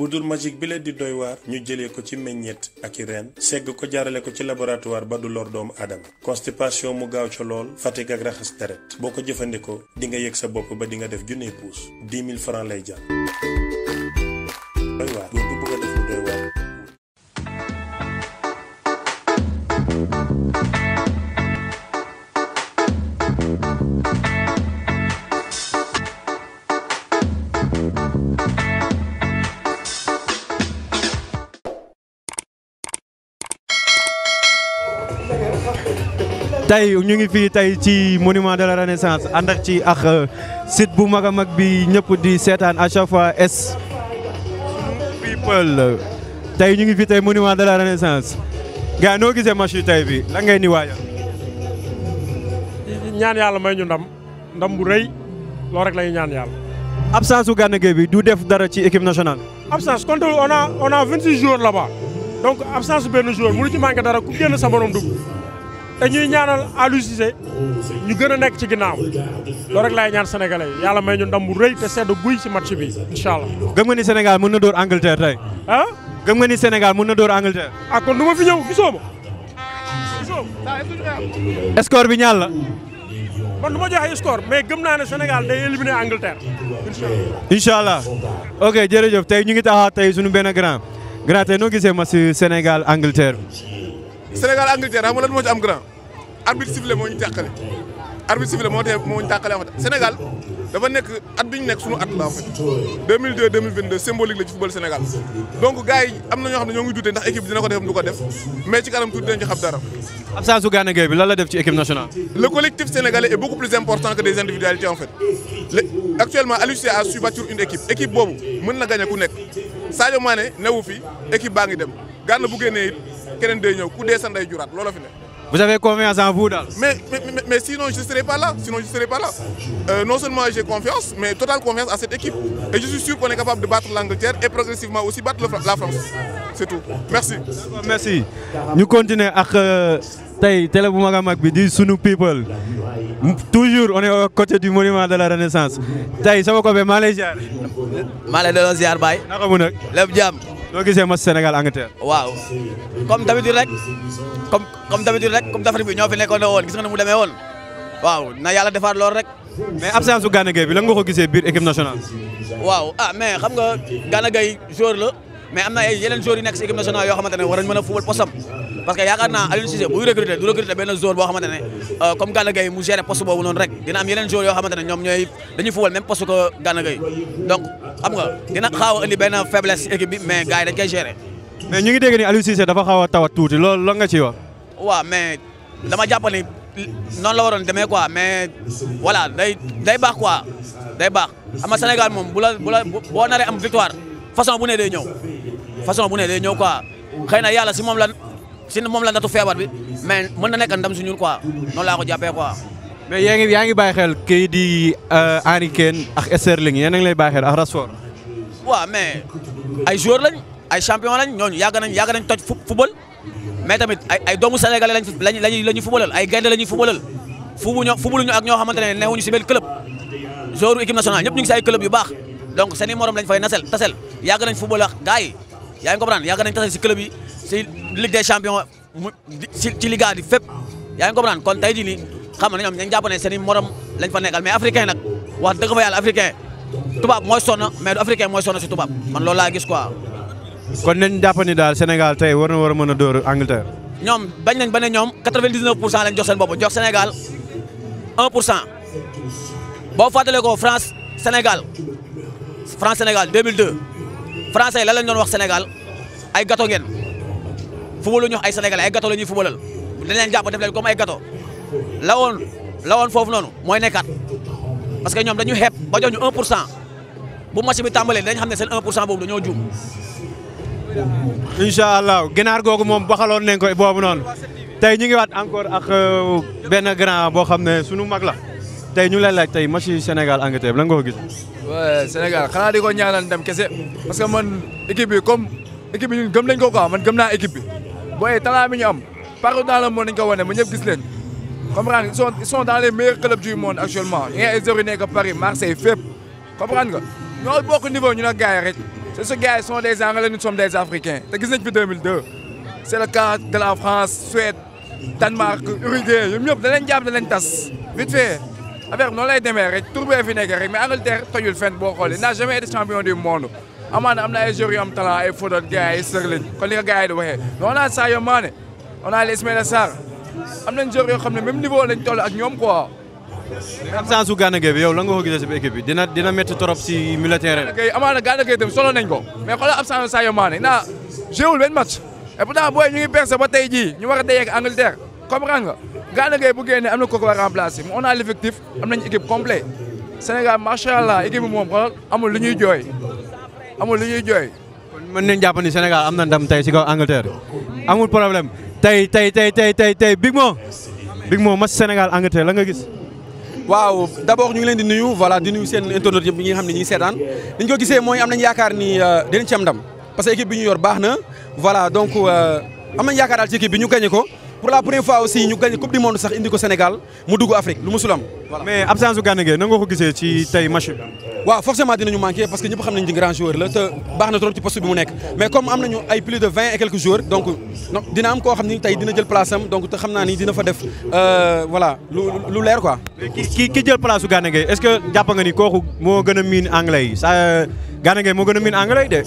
poudre magique bi leen di doy waar ñu jële ko ci meññeet ak i reen segg ko jaarale ko ci laboratuwaar ba du lor doomu aadama constipation mu gaaw ca lool fatigue ak raxas deret boo ko jëfandikoo di nga yëg sa bopp ba di nga def junne pouce dix mille francs lay jar doy tey ñu ngi fii tey ci monument de la renaissance ànd ci ak euh, site bu mag a mag bi ñëpp di seetaan à chaque fois S people tey ñu ngi fii tey monument de la renaissance gars noo gisee match yi tey bi lan ngay ni waajal. ñaan yàlla may ñu ndam ndam bu rëy loolu rek la ñuy ñaan yàlla. absence su Gana Gueye bi du def dara ci équipe nationale. absence contre on a on a 26 jours là-bas donc absence benn joueur mënu ci manqué dara ku génn sa borom dugg. te ñuy ñaanal Aliou ñu gën a nekk ci ginnaaw loolu rek laay ñaan sénégalais yi yàlla may ñu ndam bu rëy te sedd guy ci match bi incha allah. gëm nga ni Sénégal mën na dóor Angleterre tey. ah gëm nga ni Sénégal mun na dóor Angleterre. ah kon ma fi ñëw gisoo ma gisoo bi ñaar la. man du ma joxe score mais gëm naa ne Sénégal day éliminer Angleterre incha allah. incha jërëjëf tey ñu ngi taxaw tey suñu benn grand grand tey noo gisee match Sénégal Angleterre. Sénégal Angleterre xam nga lan moo ci am grand arbitre sifflé moo ñu tàqale arbitre sifflé moo tee moo ñu tàqale en fait Sénégal dafa nekk at bi ñu nekk suñu at la en fait symbolique la ci football Sénégal donc gars am na ñoo xam ne ñoo ngi dute ndax équipe dina ko def du ko def mais ci kanam tuuti dinañ ci xam dara. absence su Gana Gueye bi lan def ci équipe nationale. le collectif sénégalais est beaucoup plus important que des individualités en fait actuellement a ngi dem Gana bu génnee keneen day ñëw ku dee sa ndey loola fi vous avez confiance en vous daal. mais mais mais sinon pas là euh, non seulement j'ai confiance mais totale confiance à cette équipe et je suis sûr qu'on est capable de battre l'Angleterre et progressivement aussi battre la France c'est tout merci. ñu continuer ak euh, tey télé bu mag a mag bi di sunu people toujours on est au du monument de la renaissance tey sama ko be maa lay ziar. maa noo gisee match Sénégal Angleterre. waaw comme d'habitude rek comme comme d'habitude rek comme d'Afrique bi ñoo fi woon gis nga ne demee woon waaw na yàlla defaat lool rek. mais absence su Gana Gueye bi lan nga ko gisee biir équipe nationale. waaw ah mais xam nga Gana Gueye joueur la mais am na ay yeneen joueurs équipe nationale yoo xamante ne war nañu mën a parce que yaakaar naa Aliou Cissé buy recruter du recruter benn joueur boo xamante ne euh, comme Gana mu gérer poste boobu noonu rek dina am yeneen joueurs yoo xamante ñoom ñooy dañuy fubal même poste que Gana Gueye xam nga dina xaaw a indi benn faiblesse équipe bi mais dañ koy gérer. mais ñu ngi dégg ni Aliou dafa xaw a tawat tuuti loolu lan nga ciy wax. waaw mais dama jàpp ni la waroon demee quoi mais voilà day day baax quoi day baax ama Sénégal moom bu la bu la boo naree am victoire façon bu ne day ñëw façon bu ne day ñëw quoi xëy si moom la datu feebar bi mais mën na nekk ndam si ñun quoi noonu laa ko jàppee quoi. mais yaa ngi yaa ngi bàyyi xel kii di Harry euh, Kane ak Sterling yéen a ngi lay bàyyi xel ak Rashford. waaw mais ay joueurs lañ ay champion lañ ñooñu yàgg nañ yàgg nañ toj football mais tamit ay ay doomu sénégalais lañ lañ lañ la ay gaynde la ñuy footballal fubu ñoo fubuluñu ak ñoo xamante ne newuñu si benn club joueur équipe nationale ñëpp ñu ngi si ay club yu baax donc seen i morom lañ fay nasel tasel yàgg nañ football ak gars yi yaa ngi comprendre yàgg nañ tase si club si Ligue des champions ci Liga di fépp yaa ngi comprendre kon tey jii nii xam nga ñoom ña ngi jàpp ne seen i morom lañ fa nekkal mais africain nag wax dëgg fa yàlla africain tubaab mooy sonn mais du africain mooy sonn si tubaab man loolu laa gis quoi. kon nañ jàpp ni daal Sénégal tey war na war mën a dóor Angleterre. ñoom bañ nañ ba ne ñoom 99 pour cent lañ jox seen bopp jox Sénégal 1 pour cent boo fàttalee ko France Sénégal France Sénégal 2002. français yi la lañ doon wax senegal ay gâteau ngeen fubalu ñu wax ay sénégalais ay gâteau la ñuy fubalal dañ leen jàpp def leen ay gato la woon la foofu noonu mooy nekkaat parce que ñoom dañu xeeb ba jox ñu pour sant bu match bi tàmbalee dañ xam ne seen 1 pour cent boobu dañoo juum. incha allah ginaar googu moom baxaloon ne ko boobu noonu tey ñu ngi waat encore ak euh, benn grand boo xam ne sunu mag la. tey ñu lay laaj tey match yi Sénégal Angleterre lan nga ko gis. waaw Sénégal xanaa di ko ñaanal dem kese parce que man équipe comme équipe bi ñun gëm nañ ko quoi man gëm naa équipe bi booy talent bi ñu am partout dans le monde nañ wane ba ñëpp gis leen comprendre nga ils sont ils sont dans les meilleurs clubs du monde actuellement ñu ngi ay zéro nekk Paris Marseille fépp comprendre nga ñoo bokk niveau ñu ne gars yi rek c'est ce gars yi sont des Anglais nous sommes des te gis nañ fi 2002 c'est la France Suède Danemark Uruguay ñoom ñëpp danañ jàpp danañ tas vite fait. affaire bi noonu lay demee rek tur bee fi nekk rek mais tojul fenn boo xoolee mm. n'a jamais été champion du monde amaana am na ay joueurs yu am talent ay Fodor gars yi sër lañ kon li nga gars yi di waxee mais on a Sadio Mané on a Ismaïla Sarr am nañ ne même niveau lañ toll ak ñoom quoi. absence su Gana Gueye bi yow la nga ko gisee si bi dina dina métti trop si milieu terrain. Gana Gueye amaana Gana Gueye tam solo nañ ko mais xoolal absence su Sadio Mané naa joué wul benn ñu ngi percé a dayee ak Gana Gueye bu génnee am na ko la remplacer on a l'effectif am nañ équipe complète Sénégal macha allah équipe bi moom xoolal amul lu ñuy jooy amul lu ñuy jooy. kon mën nañu jàpp ni Sénégal am na ndam tey si kaw Angleterre amul problème tey tey tey tey tey tey Big Mo Big Mo match Sénégal Angleterre la nga gis. waaw d'abord ñu ngi leen di nuyu voilà di nuyu seen internautes yëpp ñi nga xam ne ñi ngi seetaan ni ñu ko gisee mooy am nañu yaakaar ni euh, dinañ ci am ndam parce bi ñu yor baax na voilà donc euh, am yaakaar daal ci équipe bi ñu gagné ko. pour la première fois aussi ñu gagné coupe du monde sax indi ko Sénégal mu dugg Afrique lu musul mais absence su Gana Gueye na nga ko gisee ci tey match waaw forcément dinañu manqué parce que ñëpp xam nañu ni grand joueur la te baax na trop ci poste bi mu nekk mais comme am nañu ay plus de vingt et quelques joueurs donc dina am koo xam ni tey dina jël place am donc te xam naa ni dina fa def euh, voilà lu lu leer quoi. ki ki jël place su Gana est-ce que jàpp nga ni kooku moo gën a miin anglais yi sa euh, Gana Gueye moo gën a miin anglais de.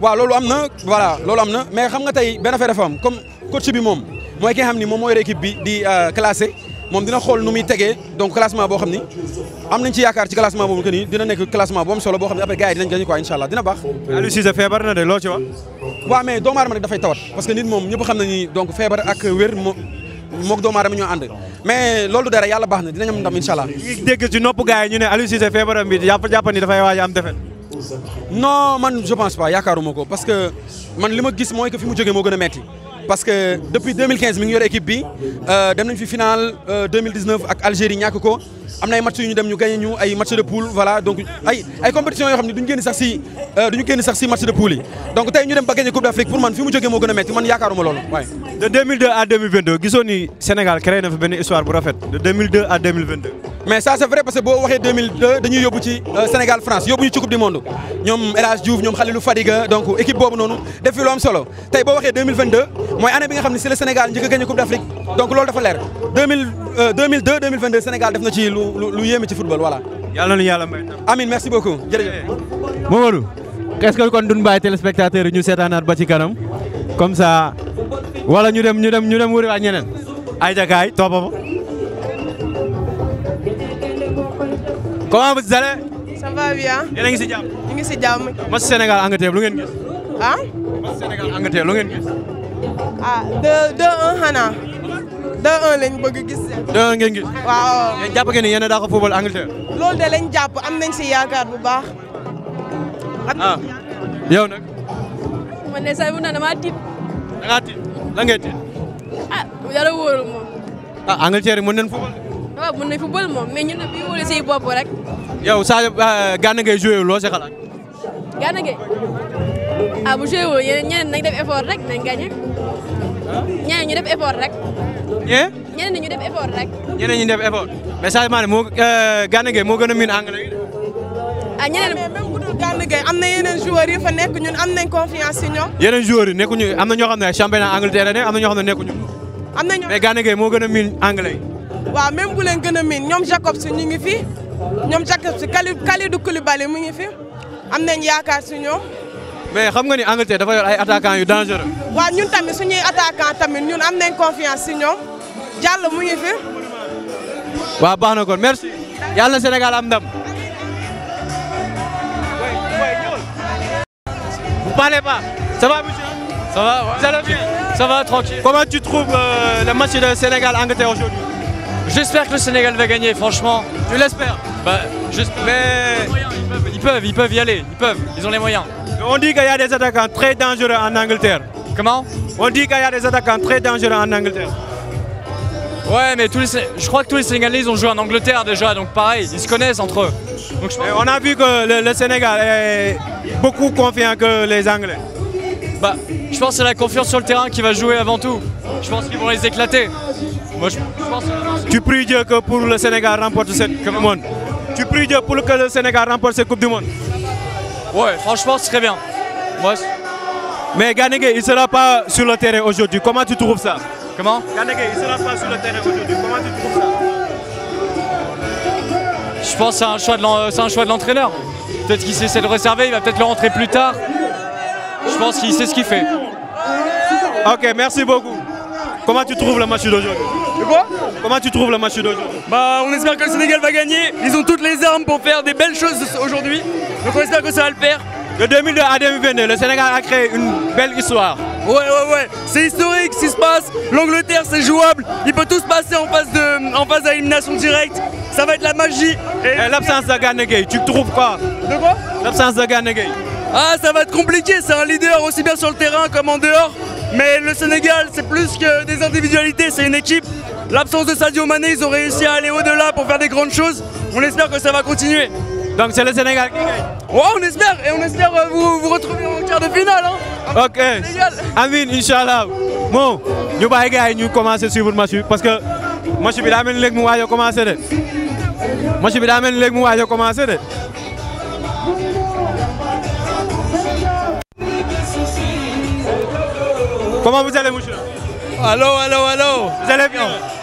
waaw loolu am na voilà loolu am na mais xam nga tey benn affaire dafa am comme coach bi moom. mooy ki nga moom moo yore bi di euh, classé moom dina xool nu muy tegee donc classement boo xam ni am nañ ci yaakaar ci classement boobu que ni dina nekk classement bu am solo boo xam ne après gars yi dinañ gagné quoi incha dina baax. Aliou Cissé feebar na de loo ci wax. waaw mais doomu dafay tawat parce que nit moom ñëpp xam nañ ni feebar ak wér moog doomu aadama ñoo ànd mais loolu dara yàlla baax na dinañ am ndam incha allah. dégg nopp gars ñu ne Aliou Cissé feebaram am ko parce que li ma gis mooy que fi parce que depuis 2015 mi ngi yor équipe bi euh, dem nañ fi final 2019 euh, ak Algérie ñàkk ko. am na ay match yu ñu dem de poule voilà donc ay compétition yoo xam ne duñu génn sax euh, sax si match de poule yi donc tey ñu dem ba gagné Coupe d'Afrique pour man fi mu jógee moo gën a metti man yaakaaruma loolu waaye de 2002 à 2022 gisoon ni Sénégal créé na fi benn histoire bu rafet de 2002 à 2022 mais ça c'est vrai parce boo waxee dañuy yóbbu ci euh, Sénégal France yóbbu ñu ci Coupe du Monde ñoom El Hadj Diouf ñoom Khalilou Fadiga donc équipe boobu noonu donc loolu dafa leer 2000 2002 2022 Sénégal def na ci lu lu yéeme ci football voilà. yàlla na yàlla may Amin merci beaucoup jërëjëf. Mamadou est-ce que kon duñ bàyyi téléspectateur yi ñu seetaanaat ba ci kanam comme ça wala ñu dem ñu dem ñu dem wëri waa ñeneen. ay jakaay topp ma. comment vous allez. ça va bien. yéen a ngi si jàmm. ñu ngi si jàmm. match Sénégal Angleterre lu ngeen gis. ah. match Sénégal Angleterre lu ngeen gis. ah 2 2 1 xanaa. daa 1 lañ bëgg gis. 2-1 ngeen gis. waaw daa jàpp ngeen ni yéen jàpp am nañ si yaakaar bu baax. ah yow nag. man de say bu ne damaa tiit. da ngaa tiit la ngay tiit. ah yàlla wóorul moom. ah Angleterre mën nañ football. waaw ah, mën nañ football moom mais ñun dañu si bopp rek. yow Sadio ah, Gana Gueye joué loo si xalaat. Gana Gueye ah woo ñeneen ñeneen nañ def rek nañ gagné. ñeneen ñu def effort rek. ñee. ñeneen ñu def effort rek. ñeneen ñu def effort mais changement de moo euh, Gana Gueye moo gën a miin anglais yi de. ah ñeneen mais même bu Gana Gueye am na yeneen joueurs fa nekk ñun am nañ confiance ci ñoom. yeneen joueurs nekk ñu am na ñoo xam ne championnat Angleterre am na ñoo xam ne am na ñoo mais Gana Gueye moo gën a miin anglais yi. waaw même bu gën a miin ñoom Jacob si ñu ngi fi ñoom Jacob si Kalidou Koulibaly mu ngi fi am nañ yaakaar si ñoom mais xam nga ni Angleterre dafa yor ay attaquants yu dangereux. waaw ñun tamit suñuy attaquant tamit ñun am nañ confiance si ñoom Diallo mu ngi fi. waaw baax na kon merci. yàlla na Sénégal am ndam. Vous parlez pas. Ça va monsieur Ça va ouais. Vous allez bien Ça va, tranquille. Comment tu trouves euh, le match de Sénégal-Angleterre aujourd'hui J'espère que le Sénégal va gagner, franchement. Tu l'espères Bah, juste, mais. Ils peuvent, ils peuvent y aller, ils peuvent, ils ont les moyens. On dit qu'il y a des attaquants très dangereux en Angleterre. Comment On dit qu'il y a des attaquants très dangereux en Angleterre. Ouais, mais tous les, je crois que tous les Sénégalais ils ont joué en Angleterre déjà, donc pareil, ils se connaissent entre eux. Donc je pense... On a vu que le, le, Sénégal est beaucoup confiant que les Anglais. Bah, je pense que c'est la confiance sur le terrain qui va jouer avant tout. Je pense qu'ils vont les éclater. Moi, je, je pense... Tu pries Dieu que pour le Sénégal remporte cette Coupe du Monde. Tu pries Dieu pour que le Sénégal remporte cette Coupe du Monde Ouais, franchement, ce serait bien. Ouais. Mais Ganege, il ne sera pas sur le terrain aujourd'hui. Comment tu trouves ça Comment Ganege, il ne sera pas sur le terrain aujourd'hui. Comment tu trouves ça Je pense que c'est un choix de euh, l'entraîneur. Peut-être qu'il essaie de le réserver, il va peut-être le rentrer plus tard. Je pense qu'il sait ce qu'il fait. Ok, merci beaucoup. Comment tu trouves le match d'aujourd'hui Quoi Comment tu trouves le match d'aujourd'hui Bah on espère que le Sénégal va gagner. Ils ont toutes les armes pour faire des belles choses aujourd'hui. Donc on que ça le faire. De le Sénégal a créé une belle histoire. Ouais, ouais, C'est historique ce passe. L'Angleterre, c'est jouable. Il peut tout passer en phase d'élimination directe. Ça va être la magie. Et, eh, l'absence de Ganegay, tu trouves quoi L'absence de Ganegay. Ah, ça va être compliqué. C'est l'absence de Sadio Mané, ils réussi à au-delà pour faire des grandes choses. On espère que ça va continuer. Donc c'est le Sénégal qui on espère, et on espère euh, vous, vous retrouver en quart de finale. ok, Amin, Inch'Allah. Bon, ñu bàyyi gars yi ñu commencé suivre match bi parce que match bi daa mel ni léegi mu waaj a commencé de. match bi daa mel ni léegi mu waaj a commencé de. Comment vous allez, monsieur Allô, allô, allô. Vous allez bien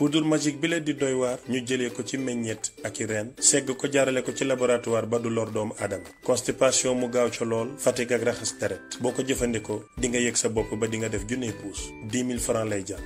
poudre magique bi leen di doy waar ñu jëlee ko ci meññeet ak i reen segg ko jaarale ko ci laboratuwaar ba du lor doomu aadama constipation mu gaaw ca lool fatigue ak raxas deret boo ko jëfandikoo dinga nga yëg sa bopp ba di nga def junne pouce 10 mille francs lay jar